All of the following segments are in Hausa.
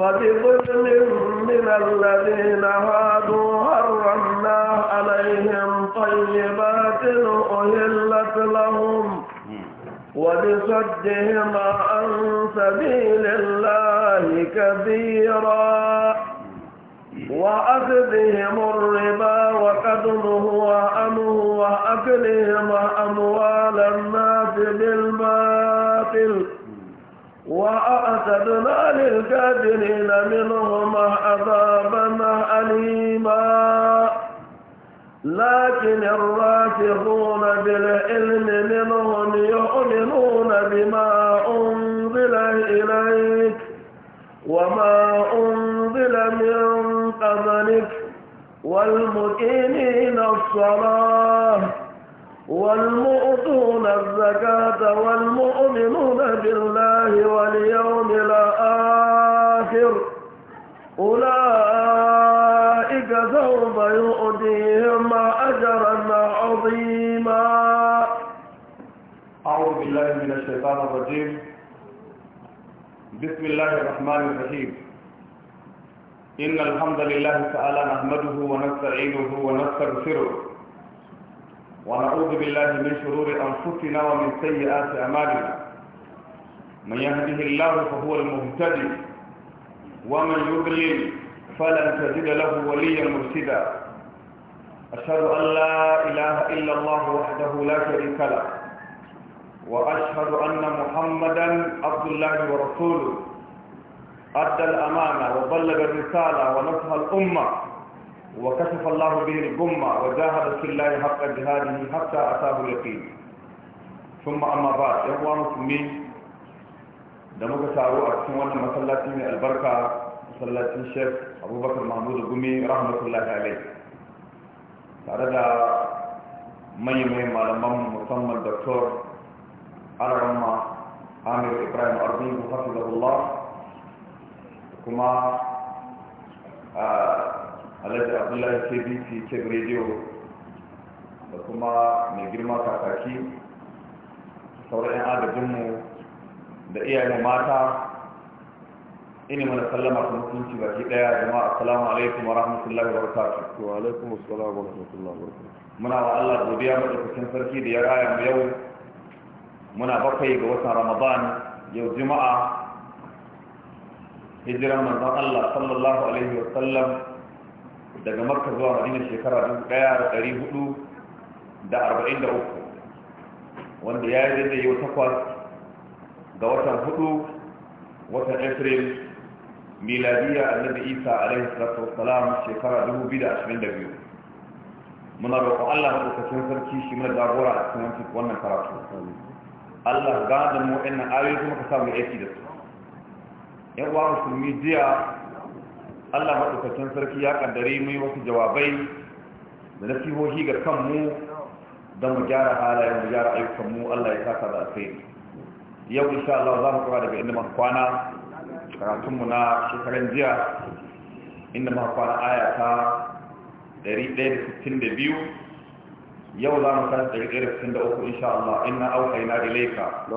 فبظلم من الذين هادوا حرمنا عليهم طيبات أهلت لهم وبصدهم عن سبيل الله كبيرا وأخذهم الربا وقد نهوا عنه وأكلهم أموال الناس بالباطل وأعتدنا للكافرين منهم عذابا أليما لكن الراسخون بالعلم منهم يؤمنون بما أنزل إليك وما أنزل من قبلك والمقيمين الصلاة والمؤتون الزكاة والمؤمنون بالله واليوم الآخر أولئك سوف يؤتيهم أجرا عظيما أعوذ بالله من الشيطان الرجيم بسم الله الرحمن الرحيم إن الحمد لله تعالى نحمده ونستعينه ونستغفره ونعوذ بالله من شرور أنفسنا ومن سيئات أعمالنا من يهده الله فهو المهتدي ومن يضلل فلن تجد له وليا مرشدا أشهد أن لا إله إلا الله وحده لا شريك له وأشهد أن محمدا عبد الله ورسوله أدى الأمانة وبلغ الرسالة ونصح الأمة وكشف الله به الغمة وجاهد في الله حق جهاده حتى أتاه اليقين ثم أما بعد إخوان المسلمين دمك سارو أكسوان مسلاتي البركة مسلاتي الشيخ أبو بكر محمود الغمي رحمة الله عليه تعرض مي مي مالمم مصمم الدكتور على رمى عامر إبراهيم أرضي وحفظه الله كما alhaji abdullahi kbc keb radio da kuma mai girma kakaki sauran adadinmu adabinmu da iyayen mata ini mana sallama ta mutunci baki daya jama'a assalamu alaikum wa rahmatullahi wa barakatuh wa alaikum assalam wa rahmatullahi wa barakatuh muna wa Allah godiya madaukakin sarki da ya raya mu yau muna bakwai ga watan Ramadan yau juma'a hijiran manzon Allah sallallahu alaihi wa sallam daga marka zuwa madina shekara 1443 wanda ya yi daidai yau takwas ga watan hudu watan april miladiya annabi isa alaihi salatu wassalam shekara 2022 muna roƙon allah maɗaukacin sarki shi mana jagora a cikin wannan karatu allah gane mu wa'annan ayoyi kuma ka samu aiki da su yan uwa musulmi jiya Allah maɗaukacin sarki ya ƙaddare mu wasu jawabai da nasihohi ga kanmu don mu gyara halayen mu gyara ayyukanmu Allah ya saka da alkhairi yau insha Allah za mu kura daga inda muka kwana karatunmu na shekaran jiya inda muka kwana aya ta 162 yau za mu tashi 163 insha Allah inna da ilayka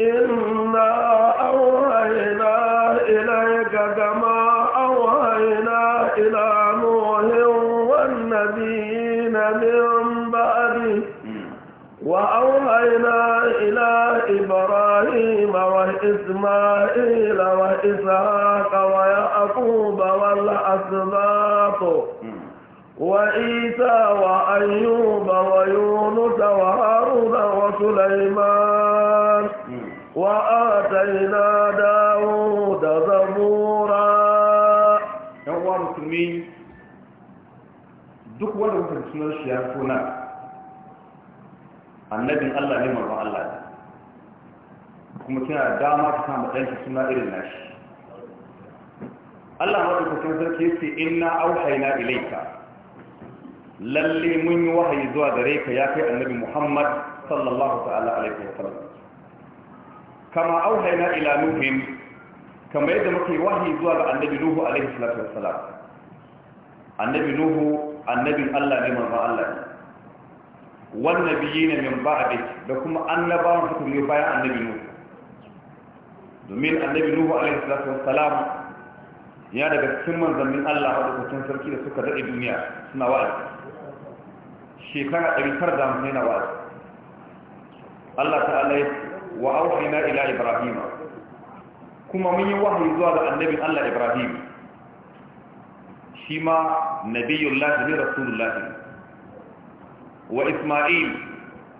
إنا أوهينا إليك كما أوهينا إلى نوح والنبيين من بعده وأوهينا إلى إبراهيم وإسماعيل وإسحاق ويعقوب والأسباط وعيسى وأيوب ويونس وهارون وسليمان وآتينا داود زبورا يوم مسلمين duk wanda kuka sunan shi ya suna annabin Allah ne manzo Allah ne kuma kina dama ta samu ɗanki suna irin nashi Allah madaukakin sarki yace inna auhaina ilaika. Lallai mun yi wahayi zuwa gare ka ya kai annabi Muhammad sallallahu alaihi wa kama auhayna ila nuhin Kama yadda muke wahayi zuwa ga annabi nuhu alaihi salatu wassalam annabi nuhu annabin Allah ne manzo Allah ne wan nabiyina min ba'di da kuma annabawan su kuma bayan annabi nuhu domin annabi nuhu alaihi salatu wassalam ya daga cikin manzannin Allah madaukakin sarki da suka daɗe duniya suna wa'azi shekara 950 na wa'azi Allah ta'ala ya wa auhayna ila ibrahim kuma mun yi wahayi zuwa ga annabi Allah Ibrahim shi ma nabiyullah ne rasulullah wa isma'il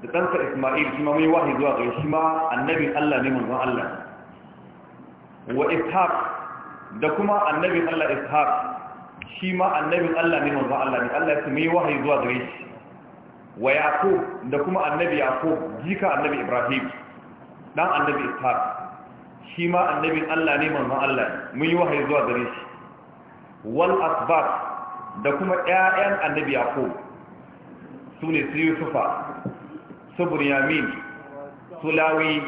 da ɗansa isma'il shi ma mun yi wahayi zuwa ga shi ma annabi Allah ne manzon Allah wa ishaq da kuma annabi Allah ishaq shi ma annabin Allah ne manzon Allah ne Allah ya mai wahayi zuwa gare shi wa yaqub da kuma annabi yaqub jika annabi ibrahim dan annabi ishaq shi ma annabin Allah ne manzon Allah mun yi wahayi zuwa gare shi wal asbat da kuma ƴaƴan annabi yaqub su ne su yusufa su bunyamin su lawi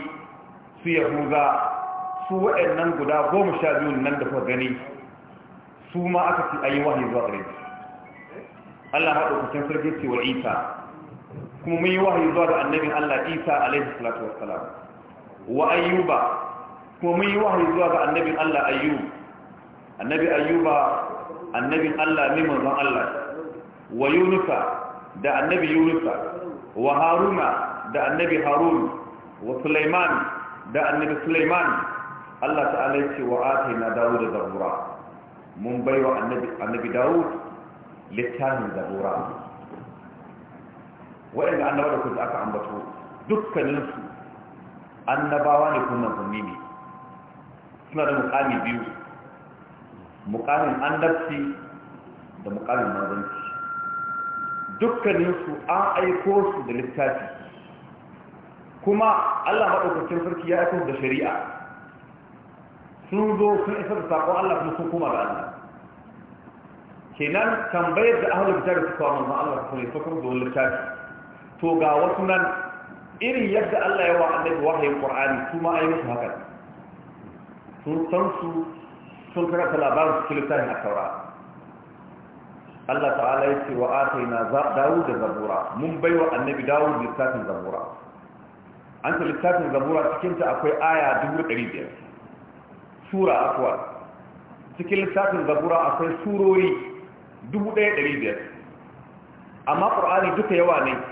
su yahuza su waɗannan guda goma sha biyu nan da kuka gani su ma aka ci ayi wahayi zuwa gare shi Allah maɗaukakin sarki ce wa Isa kuma mun yi wahayi zuwa ga annabin Allah Isa alaihi salatu wassalam wa ayyuba kuma mun yi wahayi zuwa ga annabin Allah ayyub annabi ayyuba annabin Allah ne manzon Allah wa yunusa da annabi yunusa wa haruna da annabi harun wa sulaiman da annabi sulaiman Allah ta'ala ya ce wa atina dawuda zabura mun baiwa annabi annabi dawud littafin zabura wa'anda annabawa da kuka aka ambato dukkaninsu annabawa ne kuma manzanni ne suna da mukami biyu mukamin annabci da mukamin manzanci dukkaninsu an aiko su da littafi kuma allah maɗaukacin sarki ya aiko da shari'a sun zo sun isa da saƙon allah kuma sun kuma da allah kenan tambayar da ahalar da suka wa manzan allah su ne sukar da wani littafi to ga wasu nan irin yadda Allah ya wa annabi wahayin Qur'ani kuma ai musu haka sun san su sun karanta labarin su littafin a taura Allah ta'ala ya ce wa ataina Dawud da Zabura mun baiwa annabi Dawud littafin Zabura an ta littafin Zabura cikin ta akwai aya 1500 sura akwai cikin littafin Zabura akwai surori 1500 amma Qur'ani duka yawa ne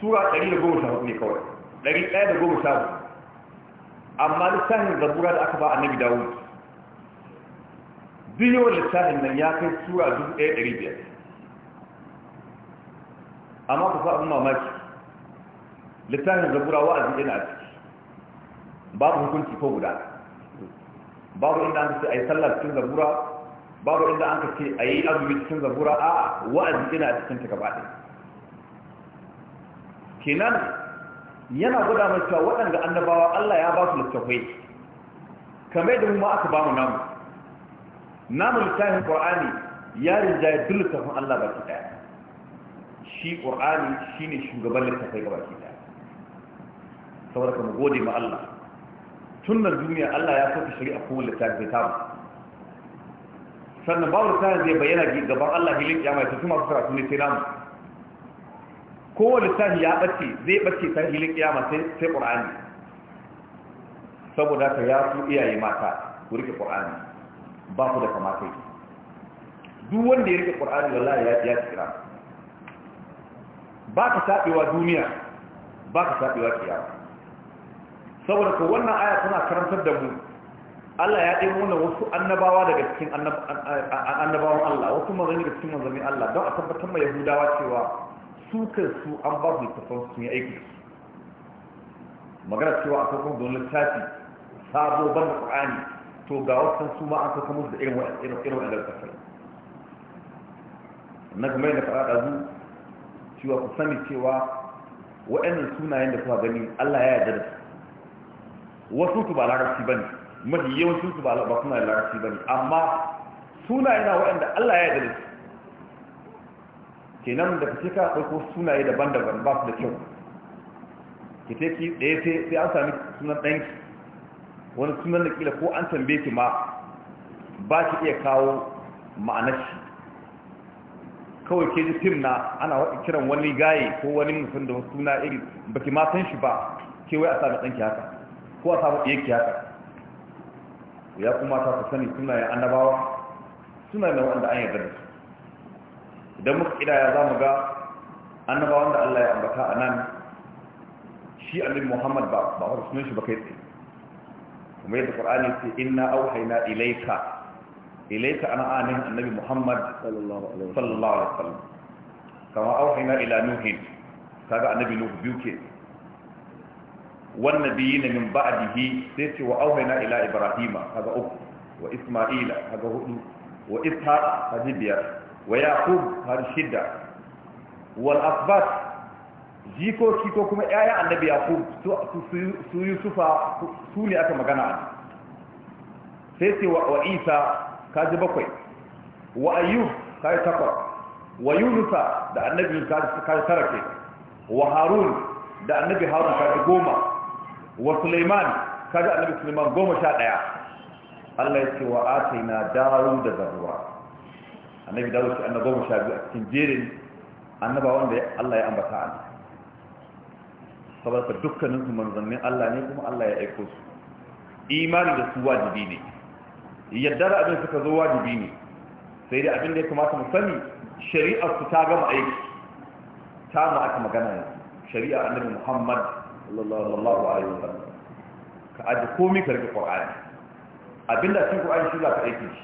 sura 114 ne kawai 114 amma littafin zabura da aka ba annabi dawo duk yawan littafin nan ya kai sura 1500 amma ku sa abin mamaki littafin zabura wa'azi yana a ciki babu hukunci ko guda babu inda an ka ce a yi sallah cikin zabura babu inda an ka ce a yi azumi cikin zabura a wa'azi yana a cikin ta gaba kenan yana gwada mai cewa waɗanda annabawa Allah ya ba su littafai kamar da mu ma aka ba mu namu namu littafin qur'ani ya rinjaye duk littafin Allah baki daya shi qur'ani shine shugaban littafai ga baki daya saboda kuma gode ma Allah tunnar duniya Allah ya saka shari'a ko littafi ta mu sannan babu littafin zai bayyana gaban Allah hilin kiyama ta kuma su karatu ne sai namu kowane sahi ya ɓace zai ɓace ta hilin kiyama sai qur'ani. saboda ka ya iyaye mata ku rike qur'ani, ba ku da kamata yi duk wanda ya rike qur'ani wallahi ya ya kira ba ka taɓewa duniya ba ka taɓewa kiyama saboda ko wannan aya tana karantar da mu Allah ya ɗaya nuna wasu annabawa daga cikin annabawan Allah wasu manzanni daga cikin manzannin Allah don a tabbatar mai Yahudawa cewa sukar su an ba su littattafan sun yi aiki magana cewa a saukan don littafi sabo ban da ƙwa'ani to ga wasu su ma an saukan musu da irin waɗanda littattafai na kamar yadda faɗa ɗazu cewa ku sani cewa waɗannan sunayen da kuka gani allah ya yarda da su wasu su ba larabci ba ne mafi yawancin su ba suna larabci ba ne amma sunayen na waɗanda allah ya yarda da su kenan da kace ka ɗauko sunaye daban-daban ba su da kyau ki ce ki ɗaya sai an sami sunan ɗanki wani sunan da kila ko an tambaye ki ma ba ki iya kawo ma'anar shi kawai ke ji fim na ana kiran wani gaye ko wani mutum da suna iri ba ki ma san shi ba ke wai a sami ɗanki haka ko a sami ki haka ya kuma ta ku sani sunayen annabawa suna da wanda an yarda da su idan muka kidaya za mu ga annabawan wanda Allah ya ambata a nan shi annabi Muhammad ba ba wa sunan shi ba kai tsaye kuma yadda Qur'ani ce inna auhayna ilaika. Ilaika ana anin annabi Muhammad sallallahu alaihi wasallam kama auhayna ila nuhin kaga annabi nuh biyu ke Wannan ne min sai والنبيين من بعده ila وأوهنا إلى uku, wa أب وإسماعيل hudu, wa وإسحاق هذا biyar. wa yaqub har shidda wal jikoki ko kuma yaya annabi yaqub su yusufa su ne aka magana a sai wa isa kaji bakwai wa ayyub kaji takwas wa yunusa da annabi kaji tara wa harun da annabi harun kaji goma wa suleiman kaji annabi suleiman goma sha ɗaya Allah ya ce wa atina daru da zaruwa annabi dawo shi annaba mu sha biyu a cikin jerin annaba wanda Allah ya ambata a nan saboda dukkanin su manzannin Allah ne kuma Allah ya aiko su imani da su wajibi ne yadda da abin suka zo wajibi ne sai dai abin da ya kamata mu sani shari'ar su ta gama aiki ta ma aka magana ne shari'a annabi Muhammad sallallahu alaihi wasallam ka aje komai ka rike Qur'ani abinda cikin Qur'ani shi za ka aiki shi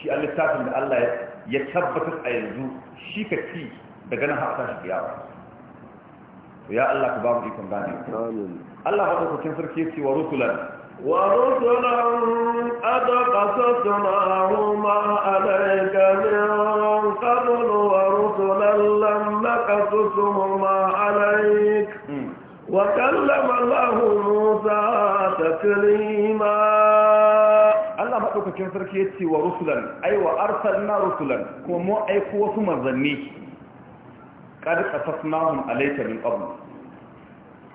shi a littafin da Allah ya ya tabbatar a yanzu shi ka ci daga nan haka shi biyawa to ya Allah ka ba mu ikon gane Allah ba dokokin sarki yace wa rusulan wa rusulan qad qasasnahuma alayka min qabl wa rusulan lam naqasuhuma alayk hmm. wa kallama Allah Musa taklima Allah maɗaukakin sarki ya ce wa rusulan ai wa na rusulan kuma mu aiko wasu manzanni qad qasasnahum alayka min qabl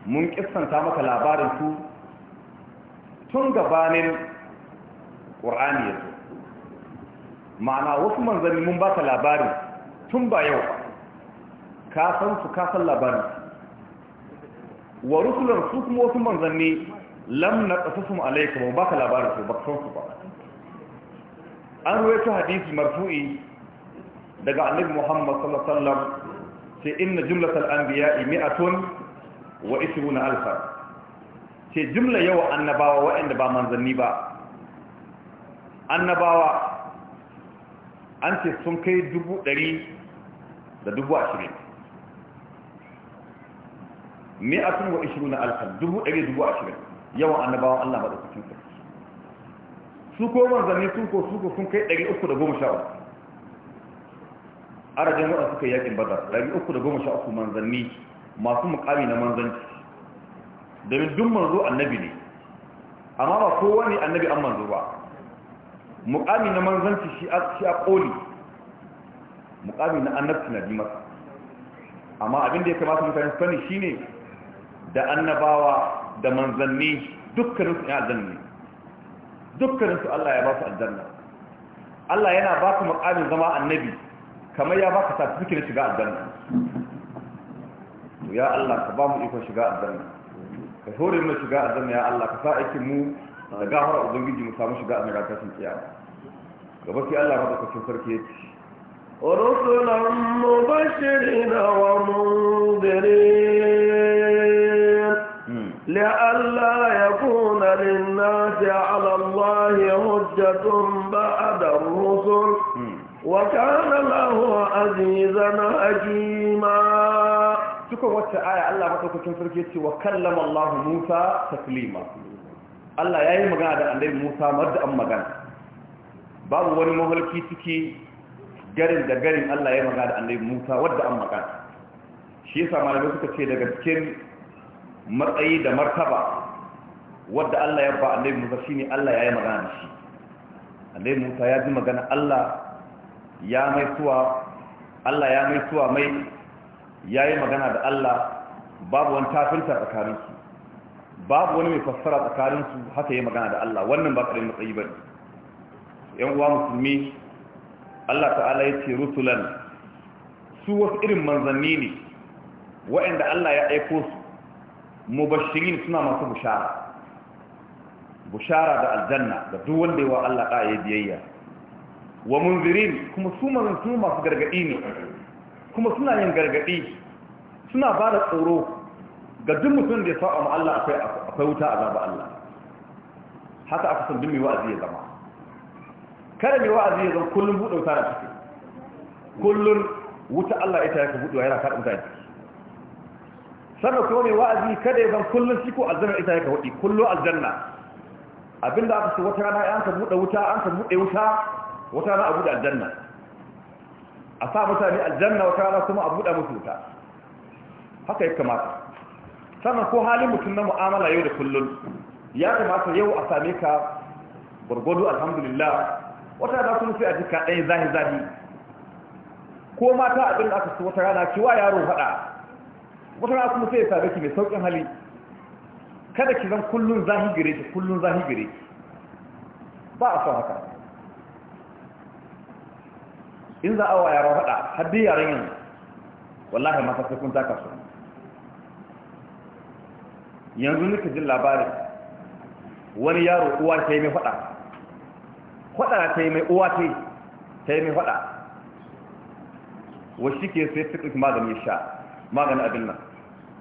mun kissanta maka labarin su tun gabanin qur'ani ya zo ma'ana wasu manzanni mun ba ka labarin tun ba yau ka san su ka san labarin wa rusulan su kuma wasu manzanni lam na ƙasassun alaika ba ka labarin su ba ka san su ba an ruwaito hadisi marfu'i daga annabi muhammad sallallahu alaihi wasallam sai inna jumlatal anbiya'i mi'atun wa isruna alfa ce jumla yawa annabawa waɗanda ba manzanni ba annabawa an ce sun kai dubu ɗari da dubu ashirin mi'atun wa isruna alfa dubu ɗari dubu ashirin yawan annabawan Allah madaukakin sarki su ko manzanni su ko su ko sun kai 313 arajin waɗanda suka yakin badar 313 manzanni masu mukami na manzanci domin duk manzo annabi ne amma ba kowa ne annabi an manzo ba mukami na manzanci shi a koli mukami na annabci na bi amma abin da ya kamata mutane sani shine da annabawa da manzanni dukkaninsu ya aljanna dukkaninsu Allah ya ba su aljanna Allah yana ba ku makamin zama annabi kamar ya ba ka certificate shiga aljanna ya Allah ka ba mu ikon shiga aljanna ka hore mu shiga aljanna ya Allah ka sa aikin mu da gafara ubangiji mu samu shiga aljanna kafin kiyama gaba sai Allah ba ka sarki ya ce رسلا مبشرين ومنذرين لئلا يكون للناس على الله حجة بعد الرسل وكان الله عزيزا حكيما cikin wacce aya Allah matsaukakin sarki ce wa kallama Allah Musa taklima Allah ya yi magana da annabi Musa madda an magana babu wani mahalki ciki garin da garin Allah ya yi magana da annabi Musa wadda an magana shi yasa malamai suka ce daga cikin matsayi da martaba wadda Allah ya ba annabi Musa shine Allah ya yi magana da shi annabi Musa ya ji magana Allah ya mai suwa Allah ya mai suwa mai ya yi magana da Allah babu wani tafinta tsakaninsu babu wani mai fassara tsakaninsu haka yi magana da Allah wannan ba ƙarin matsayi ba Ƴan uwa musulmi Allah ta'ala ya ce rusulan su wasu irin manzanni ne waɗanda Allah ya aiko su mubashirin suna masu bushara bushara da aljanna da duk wanda yawa Allah da ya biyayya wa munzirin kuma su manzantu masu gargaɗi ne kuma suna yin gargaɗi, suna ba da tsoro ga duk mutum da ya sa'a ma Allah akwai wuta a azaba Allah haka aka san dumi wa'azi ya zama kada mai wa'azi ya zama kullum buɗe wuta da ciki kullum wuta Allah ita ya ka buɗe yana kaɗa mutane sannan kuma mai wa'azi kada ya zan kullum ciko aljanna ita yake hudi kullum aljanna abinda aka ce wata rana an ka bude wuta an ka buɗe wuta wata rana a buɗe aljanna a sa mutane aljanna wata rana kuma a buɗe musu wuta haka ya kamata sannan ko halin mutum na mu'amala yau da kullum ya kamata yau a same ka gwargwado alhamdulillah wata rana kuma sai a jika ɗaya zahi zahi ko mata abinda aka ce wata rana cewa yaro faɗa wata rana kuma sai ya same ki mai saukin hali kada ki zan kullun zahigire ki kullun zahigire ki ba a son haka in za a wa hada haddi har dai yaran yanzu wallahi mata sai kun taka su yanzu nika jin labarin wani yaro uwa ta yi mai faɗa faɗa ta yi mai uwa ta yi ta yi mai faɗa wa shi ke sai fitin maganin sha maganin abin nan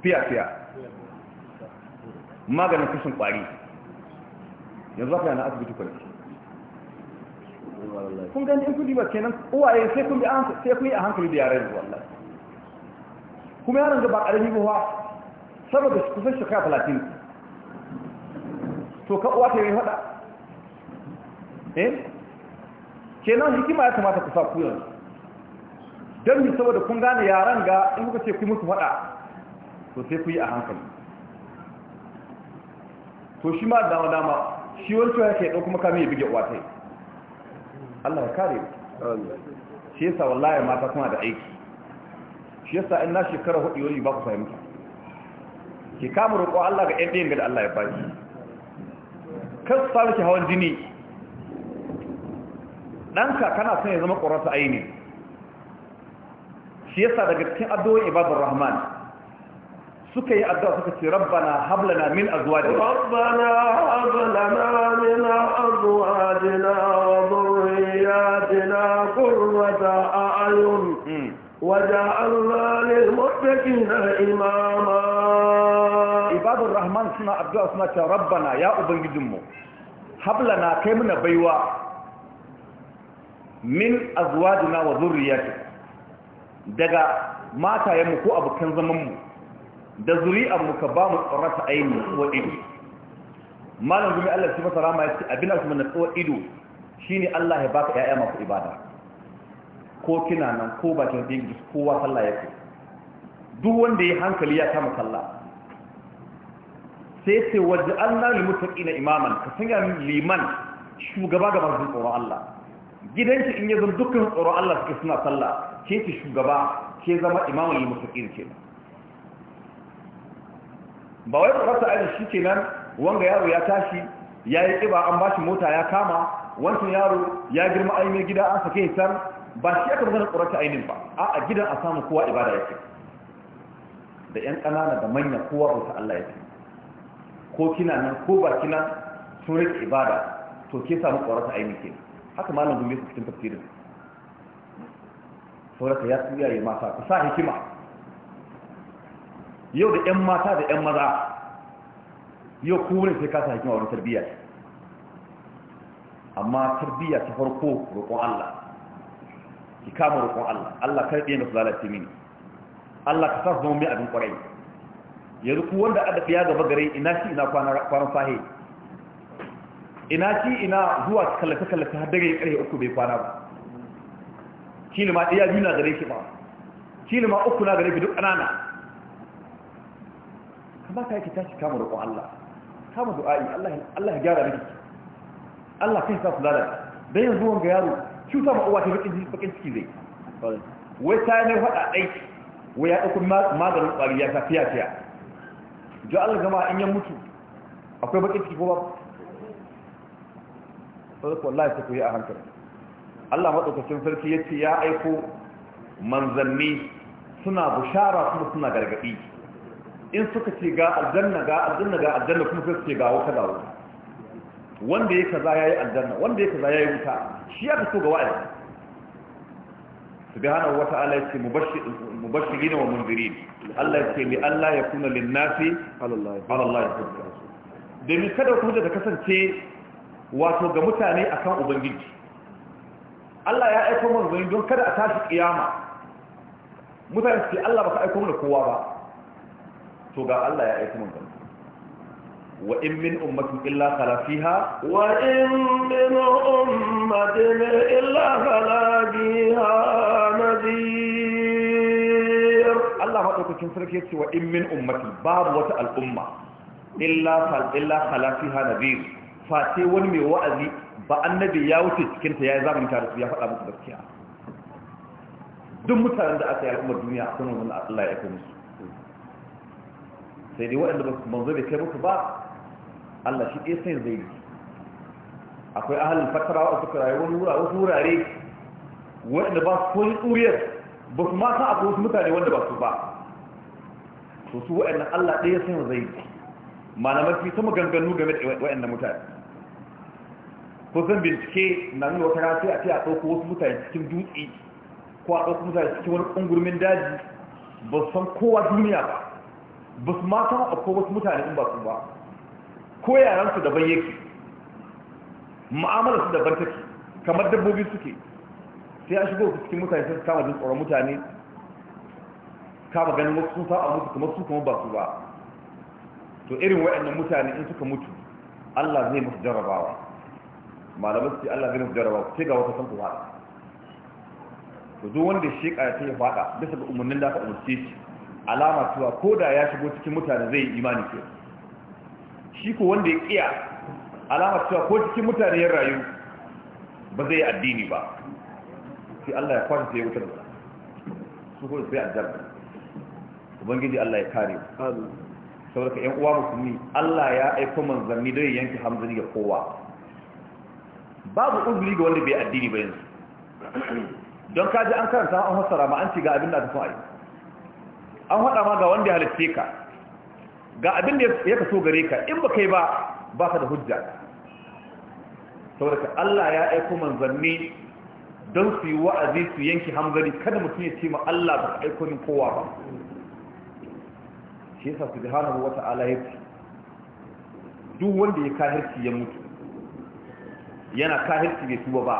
fiya-fiya maganin kashin kwari yanzu haka yana asibiti kwanci kun gani in kudi ba kenan uwaye sai kun yi a hankali da yaren wallahi kuma yaron da ba ƙarfi ba saboda kusan shekara talatin to ka uwa ta yi hada eh kenan hikima ya kamata ku sa ku yanzu don mi saboda kun gane yaran ga in kuka ce ku musu faɗa to sai ku yi a hankali to shi ma dama dama shi wani cewa yake kuma makami ya buge uwatai Allah ya kare shi yasa wallahi mata kuma da aiki shi yasa in na shekara hudu wani ba ku fahimta ki kama roƙo Allah ga ɗayan ga da Allah ya ba shi kan su samu ki hawan jini ɗanka kana son ya zama ƙorarsa aini shi yasa daga cikin addu'o'in ibadar rahman suka yi addu'a suka ce rabbana hablana min azwajina rabbana hablana min azwajina wa dhurriyyatina qurrata a'yun hmm. waj'alna lil muttaqina imama ibadur rahman suna addu'a suna ce rabbana ya ubangijinmu hablana kai muna baiwa min azwajina wa dhurriyyatina daga matayenmu ko abokan zamanmu da zuri'ar mu ka ba mu tsorata aini ko ido malam gumi Allah shi masa rama yace abin da kuma na tsawo ido shine Allah ya baka yaya masu ibada ko kina nan ko bakin dingi kowa sallah ya yake duk wanda ya hankali ya kama sallah sai sai waje Allah lil muttaqina imaman ka sanya liman shugaba ga masu tsoron Allah gidanki in ya zama dukkan tsoron Allah suke suna sallah ke ki shugaba ke zama imamul muttaqin kenan ba wai rasa aji shi kenan wanga yaro ya tashi ya yi kiba an bashi mota ya kama wancan yaro ya girma ainihin gida an sake hitar ba shi aka magana ƙurata ainihin ba a a gidan a samu kowa ibada ya ce da 'yan ƙanana da manya kowa bauta Allah ya ce ko kina nan ko ba kina sun rike ibada to ke samu ƙurata ainihin ke haka malam gumbe su cikin tafsirin saurata ya tsiyaye mata ku sa hikima yau da yan mata da yan maza yau kuma sai kasa hikima wani tarbiyya amma tarbiyya ta farko roƙon Allah ki kama roƙon Allah Allah kar yana su lalace mini Allah ka sasu zama mai abin ƙwarai yanzu ku wanda aka fiya gaba gare ina shi ina kwanan sahi ina shi ina zuwa kallata-kallata har dare ƙarfe uku bai kwana ba kila ma ɗaya biyu na gare shi ba kila ma uku na gare shi duk ƙanana amma ka yake tashi kama roƙon Allah kama du'a'i Allah Allah ya gyara miki Allah kai sa kula da dan yanzu wanga yaro cuta ma uwa ta bakin bakin ciki zai wai ta ne faɗa dai wai ya dauko maganin ƙwari ya tafiya fiya jo Allah gama in ya mutu akwai bakin ciki ko ba sai ko Allah ya tafi a hankali Allah madaukakin sarki yace ya aiko manzanni suna bushara kuma suna gargadi in suka ce ga aljanna ga aljanna ga aljanna kuma sai suka ce ga wata ga wata wanda ya kaza yayi aljanna wanda ya kaza yayi wuta shi ya so ga wa'azi subhanahu wa ta'ala yace mubashirin wa mundirin Allah yace li Allah yakuna lin nasi ala Allah hujja da mi kada ku da kasance wato ga mutane akan ubangiji Allah ya aika manzoni don kada a tashi kiyama mutane su ce Allah ba baka aika mana kowa ba to ga Allah ya aika manzon wa in min ummatin illa khala fiha wa in min ummatin illa khala fiha nadir Allah madaukakin sarki yace wa in min ummati babu wata al'umma illa fal illa khala fiha nadir fa sai wani mai wa'azi ba annabi ya wuce cikin ta yayi zamanin ta ya faɗa musu gaskiya duk mutanen da aka yi al'ummar duniya akwai wannan Allah ya aika musu sai dai waɗanda manzo bai kai mutu ba Allah shi ɗaya sai zai akwai ahalin fatara wa suka rayu wani wura wasu wurare waɗanda ba su wani tsuriyar ba su ma a akwai wasu mutane wanda ba su ba to su waɗanda Allah ɗaya sai zai malamar fi sama maganganu game da waɗanda mutane Ko zan bincike na nuna wata rafi sai a ce a ɗauko wasu mutane cikin dutse ko a ɗauko mutane cikin wani ƙungurmin daji ba su san kowa duniya ba ba su ma san akwai wasu mutane in ba su ba ko yaran su daban yake mu'amala su daban take kamar dabbobi suke sai a shigo cikin mutane sun kama jin tsoron mutane kama ganin wasu sun saba musu kamar su kuma ba su ba to irin wayannan mutane in suka mutu Allah zai musu jarabawa malamai su ce Allah zai musu jarabawa sai ga wata san ku haɗa to duk wanda shi ƙarfi ya faɗa bisa ga umarnin da aka umarce shi alama cewa ko da ya shigo cikin mutane zai yi imani ce shi ko wanda ya kiya alama cewa ko cikin mutane ya rayu ba zai yi addini ba sai Allah ya kwanta sai ya wutar da su ko sai aljanna ubangiji Allah ya kare mu saboda ƴan uwa musulmi Allah ya aika manzanni don yanke hamzani ga kowa babu uzuri ga wanda bai addini ba yanzu don kaji an karanta an fassara ma an ci ga abin da aka so aiki. an haɗa ma ga wanda ya halicce ka ga abin da ya kaso gare ka in ba kai ba ba ka da hujja saboda Allah ya aiko manzanni don su yi wa'azi su yanki hamzari kada mutum ya ce ma Allah ba aiko min kowa ba shi yasa subhanahu ala ya ce duk wanda ya kahirci ya mutu yana kahirci bai tuba ba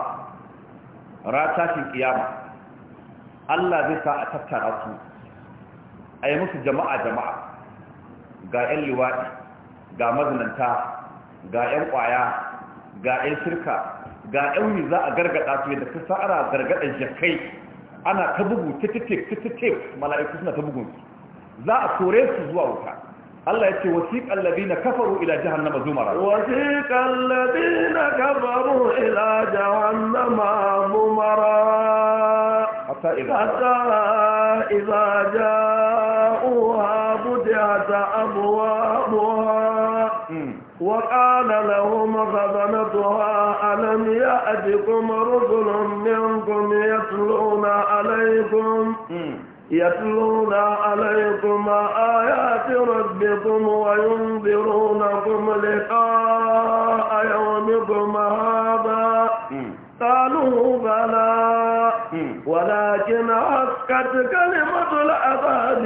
ratashin kiyama Allah zai sa a tattara su a yi musu jama'a jama'a ga 'yan liwaɗi ga mazinanta ga 'yan ƙwaya ga 'yan shirka ga 'yan yi za a gargaɗa su yadda ka sa'ara gargaɗa jakai ana ta bugu tititif tititif mala'iku suna ta bugun su za a kore su zuwa wuta Allah ya ce wasiƙan na kafaru ila jahannama zumara wasiƙan labina kafaru ila jahannama zumara حتى إذا إذا جاءوها بدعت أبوابها وقال لهم خزنتها ألم يأتكم رسل منكم يتلون عليكم يتلون عليكم آيات ربكم وينذرونكم لقاء يومكم هذا قالوا بلى ولكن أسكت كلمة العذاب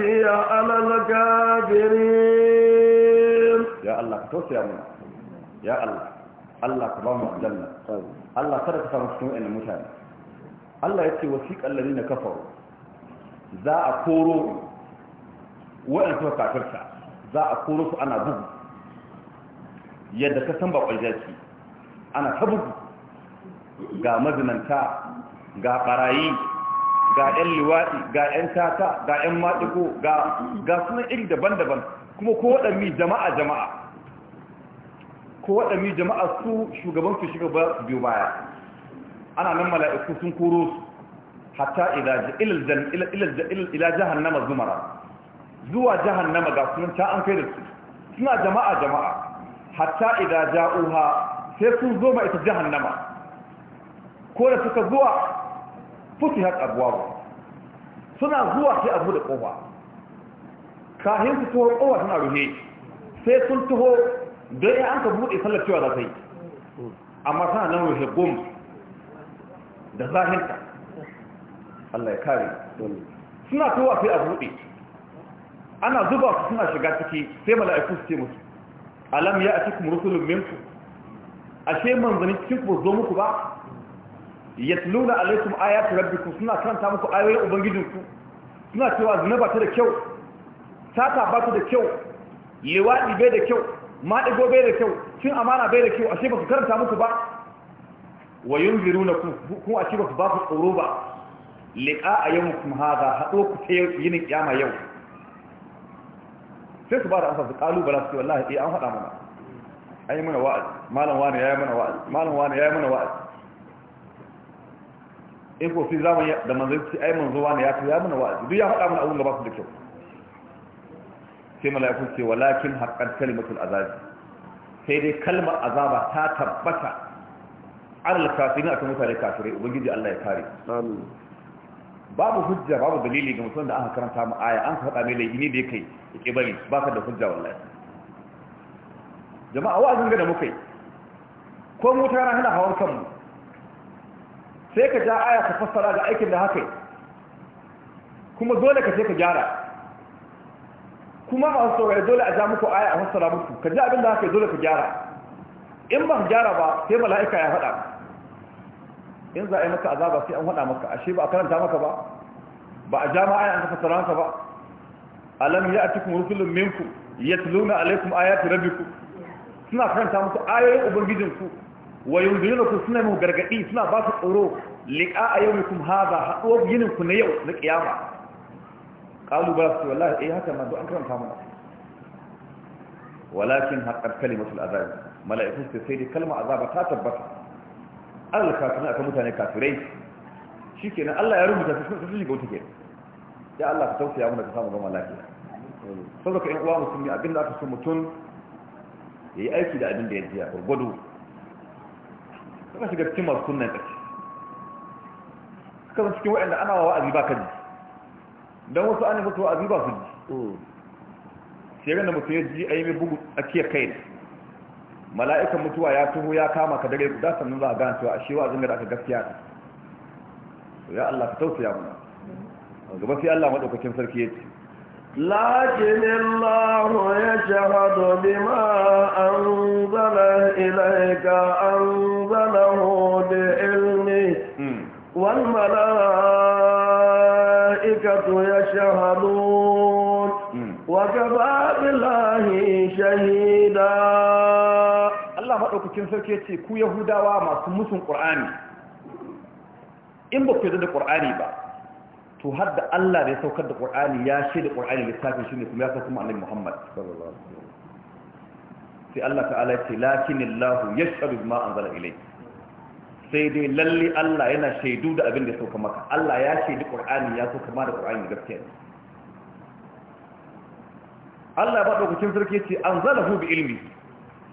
على الكافرين يا الله توسع منا يا الله الله كبام الجنة الله ترك سمسكم إن متان الله يتي وثيق الذين كفروا ذا أقولوا وأن توقع كرسا ذا أقولوا أنا بغض يدك سنبع الجاكي أنا تبغض ga mazinanta ga barayi ga 'yan liwaɗi ga 'yan tata ga 'yan maɗigo ga sunan iri daban-daban kuma ko waɗanni jama'a jama'a Ko waɗanni jama'a su shugaban su shiga biyu baya ana nan mala'iku sun koro su hatta ila jahannama zumara zuwa jahannama ga sunan ta an kai da su suna jama'a jama'a hatta idan ja'uha sai sun zo ma ita jahannama ko da suka zuwa fusi haka abuwa suna zuwa sai abu da kowa. kahin su tuho kowa suna ruhe sai sun tuho don ya an ka buɗe sallar cewa za ta yi amma suna nan ruhe gom da zahinta Allah ya kare suna tuwa sai a buɗe ana zuba su suna shiga ciki sai mala'iku su ce musu alam ya a cikin rusulun minku ashe manzanin cikin ku zo muku ba yatluna alaikum ayati rabbikum suna karanta muku ayoyin ku suna cewa zina ba ta da kyau sata ba ta da kyau liwaɗi bai da kyau maɗigo bai da kyau cin amana bai da kyau ashe ba su karanta muku ba wa yunziru na kuma ashe ba su ba ku tsoro ba liƙa a yau kuma haza haɗo ku ta yin kiyama yau sai su ba da amsa su ƙalubala su ce wallahi eh an faɗa mana ayi mana wa'azi malam wani yayi mana wa'azi malam wani yayi mana wa'azi in ko sai zamu da manzo sai ai manzo wani ya tuya mana wa'azi duk ya faɗa mana abun da ba su da kyau sai mala'iku ce walakin haqqat kalimatul azabi sai dai kalmar azaba ta tabbata alal kafirin akan mutane kafirai ubangiji Allah ya kare amin babu hujja babu dalili ga mutum da aka karanta mu aya an faɗa mai laifi ne da yake yake bari baka da hujja wallahi jama'a wa'azin ga da muka yi ko mu tara hana hawan kanmu sai ka ja aya ka fassara ga aikin da haka kuma dole ka sai ka gyara kuma masu saurari dole a ja muku aya a fassara muku ka ji abin da haka dole ka gyara in ba ka gyara ba sai mala'ika ya faɗa in za a yi maka azaba sai an faɗa maka ashe ba a karanta maka ba ba a ja ma aya an ka fassara maka ba alam ya a cikin rusulun minku ya tuluna alaikum ayati rabbikum suna karanta muku ayoyin ubangijinku wa ku suna mu gargadi suna ba su tsoro a liqa'a kuma hadha haɗuwa yinin ku na yau na kiyama qalu bala su wallahi eh haka ma an karanta mana walakin haqqat kalimatul azab mala'ikun su sai kalma azaba ta tabbata al kafirun akan mutane kafirai shikenan Allah ya rubuta su sun shiga wuta ke ya Allah ka tausaya mana ka samu zama lafiya saboda ka yan uwa musulmi abinda aka so mutum yayi aiki da abinda ya jiya gurgudu suka shiga cikin masu kunnan ƙarshe suka zan cikin waɗanda ana wa wa'azi ba kaji don wasu an yi musu wa'azi ba su ji shirin da mutum ya ji a yi mai bugu a kiyar kai mala'ikan mutuwa ya tuho ya kama ka dare guda sannan za a gane cewa a shi wa'azin da aka gaskiya ta ya Allah ka tausaya mana gaba sai Allah madaukakin sarki ya ce لكن lahu ya بما أنزل إليك أنزله بعلمه والملائكة يشهدون وكفى بالله شهيدا الله maɗaukakin sarki ya ce ku yahudawa masu musun ƙur'ani in ba ku yarda da ƙur'ani ba to har da Allah da ya saukar da Qur'ani ya shaida Qur'ani littafin shi ne kuma ya saukar Annabi Muhammad sai Allah ta'ala ya ce lakinillahu yashhadu bima anzala ilayk sai dai lalle Allah yana shaidu da abin da ya saukar maka Allah ya shaidi Qur'ani ya saukar ma da Qur'ani gaskiya ne Allah ba daukakin sarki ce anzalahu bi ilmi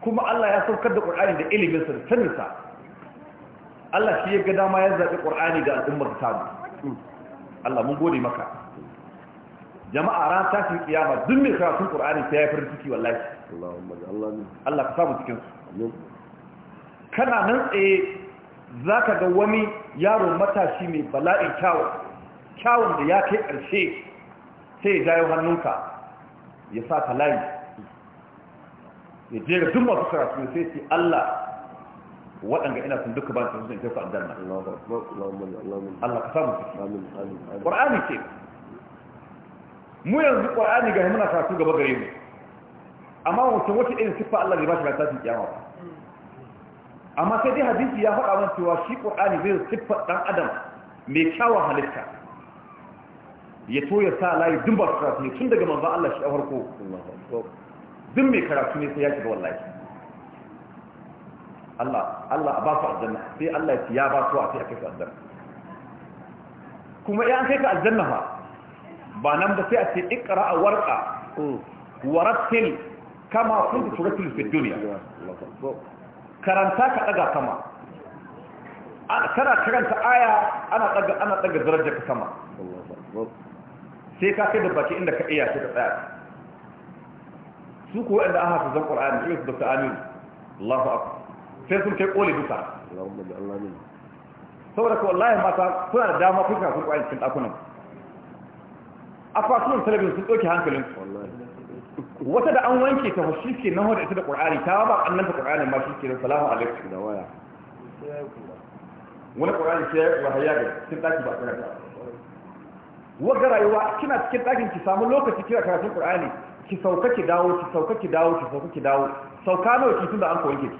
kuma Allah ya saukar da Qur'ani da ilimin sa sanin sa Allah shi ya ga dama ya zabi Qur'ani ga al'ummar ta Allah mun gode maka jama'a ran tashin kiyama duk mai karatun qur'ani sai ya farin ciki wallahi Allah ka samu cikin su kana nan tsaye zaka ga wani yaro matashi mai bala'in kyawun kyawun da ya kai ƙarshe sai ya jayo hannunka ya sa ka layi ya jera duk masu karatu sai ce Allah waɗanda ina sun duka ba su sun kai su aljanna Allah ka samu ƙwar'ani ce mu yanzu ƙwar'ani ga muna karatu gaba gare mu amma wancan wata irin siffa Allah zai ba shi ba tashin kiyama ba amma sai dai hadisi ya faɗa wani cewa shi ƙwar'ani zai siffa ɗan adam mai kyawun halitta ya to ya sa layi dun ba karatu ne tun daga manzan Allah shi a farko dun mai karatu ne sai ya shiga wallahi Allah Allah ba su aljanna sai Allah ya ba su a sai aljanna kuma ya an kai ka aljanna ba ba nan ba sai a ce ikra a warqa warattil kama kuntu turattil fi dunya karanta ka daga sama kana karanta aya ana daga ana daga darajar ka sama sai ka kai da baki inda ka iya sai ka tsaya su ko inda aka hafa zan Qur'ani irin su Dr. Amin Allahu akbar sai sun kai koli duka saboda ko wallahi mata suna da dama kuka sun kwaye cikin ɗakunan akwatunan talabijin sun ɗauke hankalin wata da an wanke ta shi ke nan wadda ita da ƙur'ani ta ba annanta ƙur'ani ma shi ke nan salamu alaikum da waya wani ƙur'ani sai ya yi wahaya da cikin ɗaki ba ƙur'ani wagga rayuwa kina cikin ɗakin ki samu lokaci kira karatun ƙur'ani ki sauka ki dawo ki sauka ki dawo ki sauka ki dawo sauka nawa ki tun da an ka wanke ki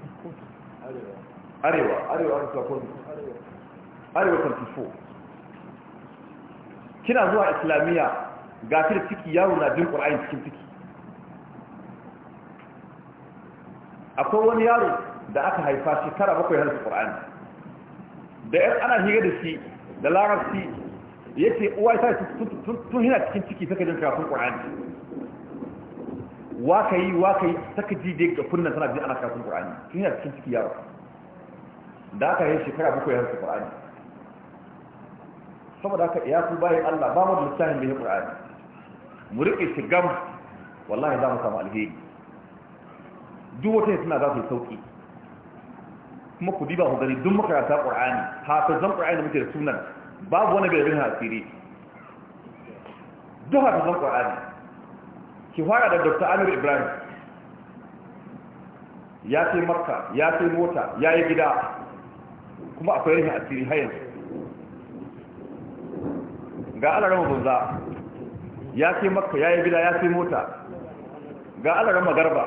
arewa arewa aka arewa 24 kina zuwa islamiyya gafir ciki yaro na jin ƙura'in cikin ciki akwai wani yaro da aka haifa shekara bakwai harsu ƙura'in da yan ana hira da shi da larabci ya ce uwa ta tun hina cikin ciki ta jin kafin ƙura'in wa ka yi wa ka yi saka ji dai ga kunnan sana biyu ana karatun qur'ani tun yana cikin ciki yaro da aka yi shekara bakwai ya harsu qur'ani saboda haka ya ku bayan Allah ba mu da lissafin qur'ani mu riƙe shi gam wallahi za mu samu alheri duk wata suna za su yi sauƙi kuma ku diba ku gani duk makaranta qur'ani hafizan qur'ani da muke da sunan babu wani bai rin hasiri duk hafizan qur'ani ki fara da dr amir ibrahim ya sai makka ya sai mota ya yi gida kuma akwai rihin asiri hayan ga alarama banza ya sai makka ya yi gida ya sai mota ga alarama garba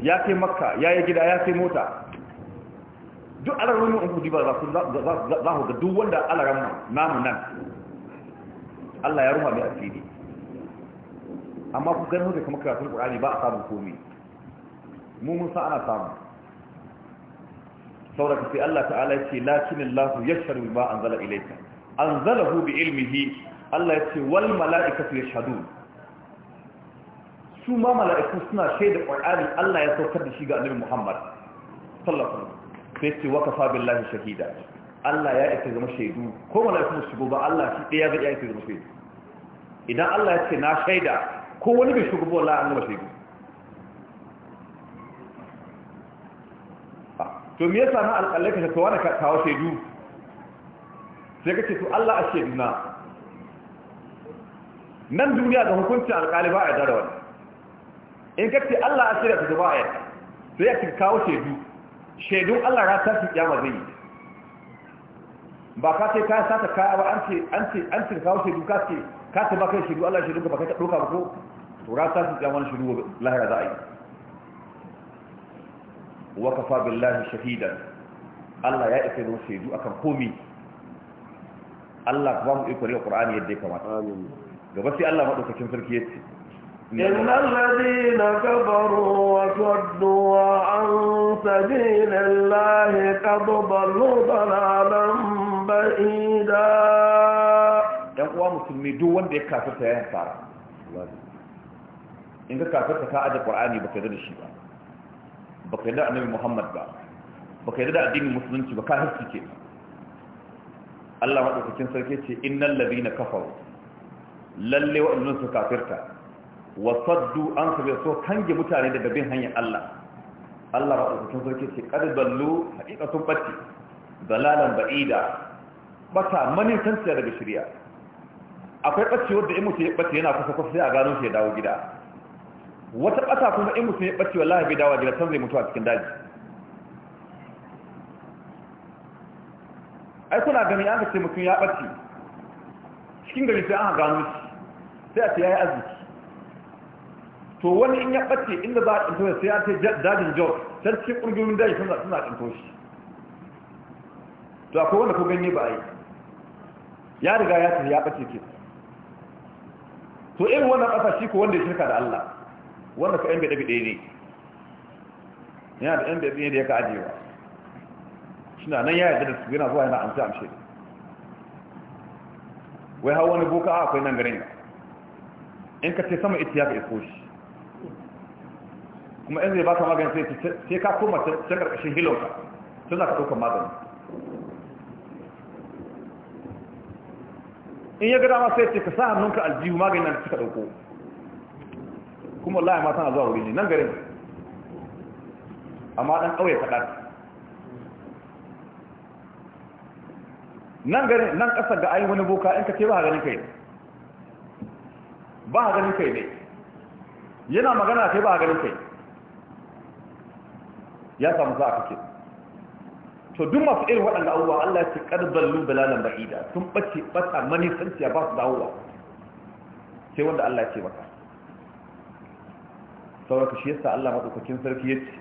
ya sai makka ya yi gida ya sai mota duk alarama in kudi ba za ku ga duk wanda alarama namu nan Allah ya ruwa mai asiri amma ku ganin hujja kamar karatun qur'ani ba a samun komai mu mun sa ana samu saboda sai Allah ta'ala yake lakin Allah yashhadu bima anzala ilayka anzalahu bi ilmihi Allah yace wal ya yashhadun su ma mala'iku suna shaida qur'ani Allah ya saukar da shi ga annabi Muhammad sallallahu alaihi wasallam sai ce wa kafa billahi shahida Allah ya ita zama shaidu ko mala'iku su shigo ba Allah shi ɗaya zai ya ita zama shaidu idan Allah ya ce na shaida ko wani bai shugaba wallahi an gama shegu ah, to me yasa na alƙalai ka wani da kawo shaidu sai kace ce to Allah a shaidu na nan duniya da hukuncin alƙali a yarda da wani in ka ce Allah a shaidu ta ba a sai ya kawo shaidu shaidun Allah ra ci kiyama zai yi ba ka ce ka sata kaya ba an ce an ce an ce kawo shaidu ka ce ka ce ba kai shaidu Allah shaidu ka ba kai doka ba ko to ra ta ce ya wani shaidu ba lahira za a yi wa kafa billahi shahidan Allah ya isa zo shaidu akan komi Allah ba mu iko ne Qur'ani yadda ya kamata amin gaba sai Allah madaukakin sarki yace إن الذين كفروا وصدوا عن سبيل الله قد ضلوا ضلالا بعيدا يقوى مسلمي دو وان دي كافر سيان سارا إن كافر سكاعد القرآن بكذا الشيبة بكذا النبي محمد بقى بكذا الدين المسلمين بكاهر سكين Allah maɗaukakin sarki ce innal ladina kafaru lalle waɗannan su kafirta wasaddu saddu an sabai so kange mutane daga bin hanyar Allah Allah ba su sarki ce ballo haƙiƙa sun bacci dalalan ba'ida bata manin tantiya daga shirya akwai bacci wadda in mutum ya bacci yana kusa kusa sai a gano shi ya dawo gida wata bata kuma in mutum ya bacci wallahi bai dawo gida san zai mutu a cikin daji ai kuna gani an ce mutum ya bacci cikin gari sai an gano shi sai a ce yayi arziki to wani in ya bace inda za a tsinto sai ya ce dajin jos can cikin ƙungiyoyin daji suna suna tsinto shi to akwai wanda ko ganye ba a yi ya riga ya tafi ya bace ke to irin wannan ƙasa shi ko wanda ya shirka da Allah wanda ka yan bai ɗabi ɗaya ne yana da yan bai ɗaya da ya ka ajiyewa suna nan ya yarda da su yana zuwa yana amsa amshe wai hau wani boka akwai nan garin in ka ce sama ita ya ka iso shi kuma in zai baka magani sai ka koma ta karkashin hilonka sun za ka ɗaukar magani in ya gada masu yace ka sa hannunka aljihu magani nan suka ɗauko kuma Allah ya matan zuwa wuri ne nan garin amma ɗan ƙauye kaɗan nan garin nan ƙasar da ayi wani boka in ka ce ba a ganin kai ba a ganin kai ne yana magana kai ba a ganin kai ya samu za a kake to duk masu irin waɗanda abubuwa Allah ce ƙarballu balalan ba'ida sun ɓace ɓata sanciya ba su dawowa sai wanda Allah ce maka sauraka shi yasa Allah madaukakin sarki ya ce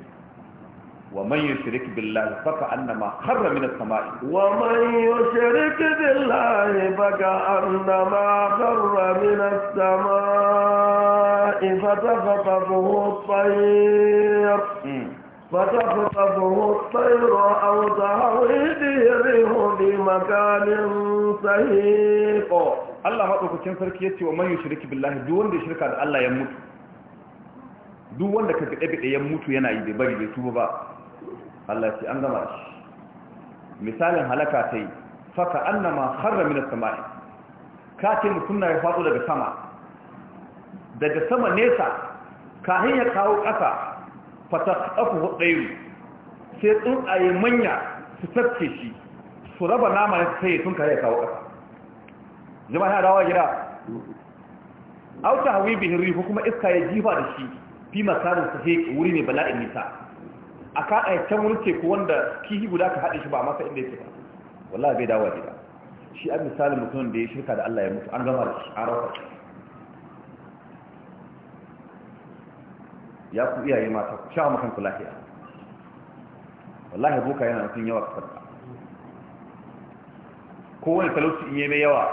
wa man shiriki billahi fa ka annama kharra min samai wa man shiriki billahi fa ka annama kharra min as-sama'i fa tafathu at-tayr hmm. فتخطفه الطير أو تهوي به الريح بمكان سهيق الله maɗaukakin sarki ya ce wa man yushriki billahi duk wanda ya shirka da Allah ya mutu duk wanda ka bide bide mutu yana yi bai bari bai tuba ba Allah ce an gama shi misalin halaka tai faka annama kharra min daga sama daga sama nesa ka ya kawo ƙasa fatakafu ɗayu sai tun tsuntsaye manya su tafke shi su raba nama na sai sun kare kawo ƙasa zama yana rawa gida auta hawi bihin rihu kuma iska ya jifa da shi fi masarin su he wuri ne bala'in nisa a kaɗa can wurin teku wanda kihi guda ka haɗe shi ba masa inda yake ba wallahi bai dawo gida shi a misalin mutumin da ya shirka da Allah ya mutu an gama da shi an rasa ya ku iyaye mata ku sha makan ku lafiya wallahi boka yana nufin yawa sarka Ko wani talauci in yi mai yawa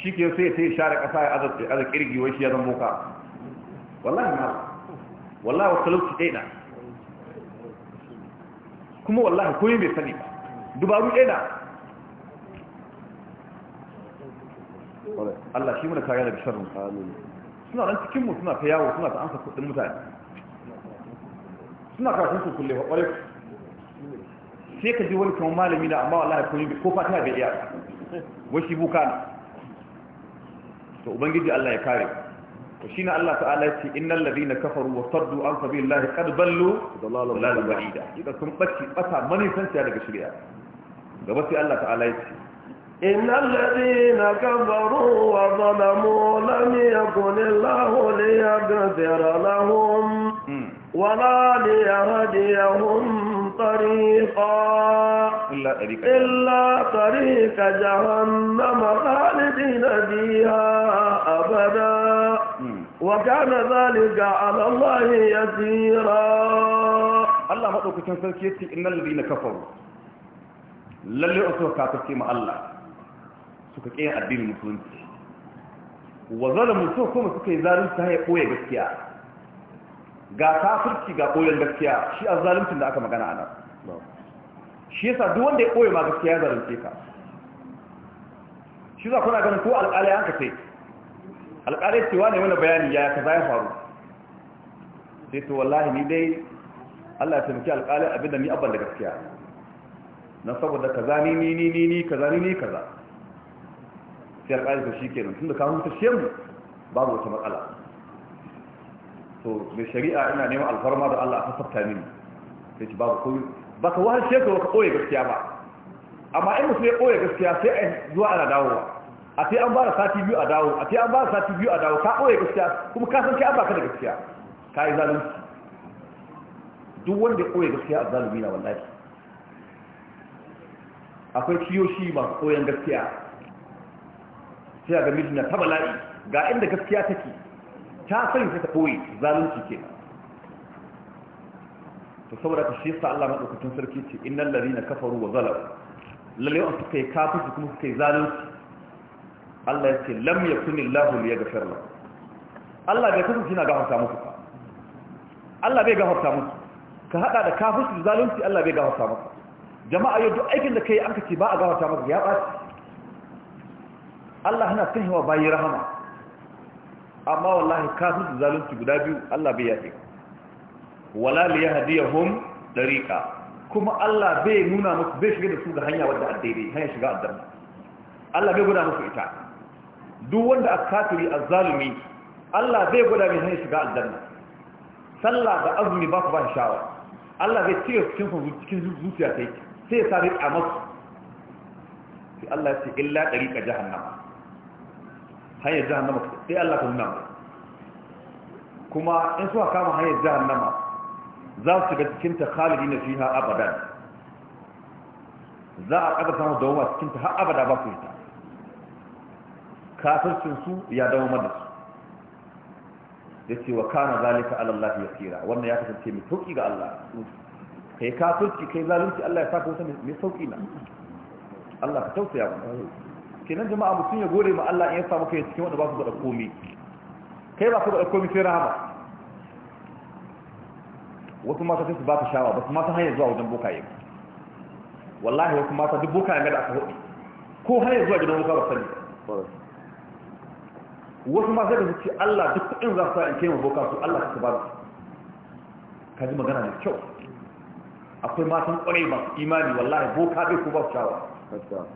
shi ke sai ta yi share kasa ya aza kirgi wai shi ya zan boka wallahi ma wallahi wata talauci ɗaya na kuma wallahi koyi bai sani ba dubaru ɗaya na Allah shi mana kariya daga sharrin amin suna nan cikin mu suna ta yawo suna ta amsa kuɗin mutane suna karatun su kulle kwarai sai ka ji wani kamar malami na amma wallahi ko yi ko fatiha bai iya wai shi buka na to ubangiji Allah ya kare to shine Allah ta'ala ya ce innal ladina kafaru wa saddu an sabilillahi qad ballu dalalan ba'ida idan sun bacci bata manisan daga shari'a gaba sai Allah ta'ala ya ce إن الذين كفروا وظلموا لم يكن الله ليغفر لهم ولا ليهديهم طريقا إلا طريق, إلا طريق جهنم خالدين فيها أبدا وكان ذلك على الله يسيرا الله مدوكتن سلكيتي إن الذين كفروا للي أسوكاتك مع الله suka ƙin addinin musulunci wa zalamu so kuma suka yi zalunci ta hanyar ɓoye gaskiya ga kafirci ga ɓoyen gaskiya shi a zaluncin da aka magana a nan shi yasa duk wanda ya ɓoye ma gaskiya ya zalunce ka shi za kuna ganin ko alƙalai an ka alƙalai cewa ne wani bayani ya kaza ya faru sai to wallahi ni dai Allah ya taimaki alƙalai abinda ni abban da gaskiya na saboda kaza ni ni ni ni kaza ni ni kaza sai a ƙarfi shi kenan tun da ka huta shi mu babu wata matsala to mai shari'a ina nema alfarma da Allah a kasafta mini sai ci babu koyi ba ka wahal shekaru ka ɓoye gaskiya ba amma in mutum ya ɓoye gaskiya sai a zuwa ana dawowa a sai an bada sati biyu a dawo a sai an bada sati biyu a dawo ka ɓoye gaskiya kuma ka san kai an baka da gaskiya ka yi zalunci duk wanda ya ɓoye gaskiya a zalumi na wallahi akwai kiyoshi masu koyan gaskiya sai ga mijina ta bala'i ga inda gaskiya take ta san sai ta koyi zalunci ke to saboda ka shi yasa Allah madaukakin sarki ce innal ladina kafaru wa zalamu lalle an suka yi kafirci kuma suka yi zalunci Allah ya ce lam yakunillahu liyaghfir lahum Allah bai kasance kina gafarta musu ba Allah bai gafarta musu ka hada da kafirci zalunci Allah bai gafarta musu jama'a yau duk aikin da kai an kace ba a gafarta maka ya ba Allah na son yawa bayi rahama amma wallahi kafin su zalunci guda biyu Allah bai yafe wala li yahdihum tariqa kuma Allah bai nuna musu bai shiga da su ga hanya wadda addai hanya shiga addan Allah bai gwada musu ita duk wanda akatiri azzalimi Allah bai gwada mai hanya shiga addan sallah da azumi ba ku ba shawara Allah bai cire cikin cikin zuciya sai sai ya sa a masu sai Allah ya ce illa dariqa jahannama hanyar jahannama sai Allah ka nuna mu kuma in suka kama hanyar jahannama za su shiga cikin ta khalidina fiha abada za a kada samu dawoma cikin ta har abada ba su ita kafircin su ya dawo mana su yace wa kana zalika ala Allah yasira wannan ya kasance mai sauki ga Allah kai kafirci kai zalunci Allah ya saka wata mai sauki na Allah ka tausaya mana kenan jama'a mutum ya gode ma Allah in ya samu kai cikin wanda ba su da komai kai ba su da komai sai rahama wasu mata sai su ba ta shawa ba su mata hanyar zuwa wajen yi wallahi wasu mata duk bokaye ga da aka hudu ko hanyar zuwa gidan wuka ba sani wasu mata da su ce Allah duk kuɗin za su sa in kai ma boka su Allah ka ba su ka ji magana da kyau akwai matan kwarai masu imani wallahi boka bai ko ba su shawa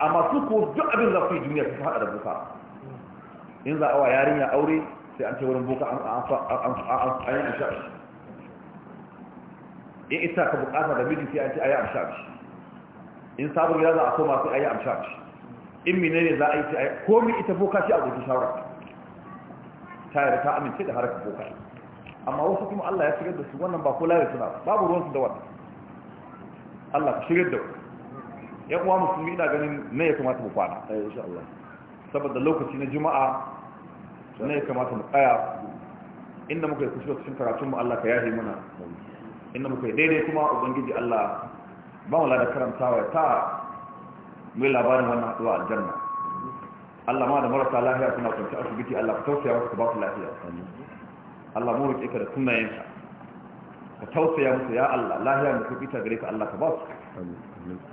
amma su ko duk abin za su yi duniya su haɗa da boka in za a wa yarinya aure sai an ce wurin boka an yi amshabi in ita ka bukata da miji sai an ce a yi amshabi in sabon gida za a koma sai a yi amshabi in mine ne za a yi sai komi ita boka shi a gudu shawara ta yarda ta amince da harkar boka amma wasu kuma Allah ya shigar da su wannan ba ko lafiya suna babu ruwansu da wannan Allah ka shigar da ku yan uwa musulmi ina ganin ne ya kamata mu kwana eh, saboda lokaci na juma'a ne ya kamata mu tsaya inda muka yi kusurwa cikin karatun Allah ka yahe mana inda muka yi daidai kuma ubangiji Allah ba mu da karantawa ta mai labarin wannan haɗuwa aljanna Allah ma da marasa lafiya suna kwanci asibiti Allah ka tausaya musu ka ba su lafiya Allah mu roƙe ka da sunayensa ka tausaya musu ya Allah lafiya da kuɓita gare ka Allah ka ba su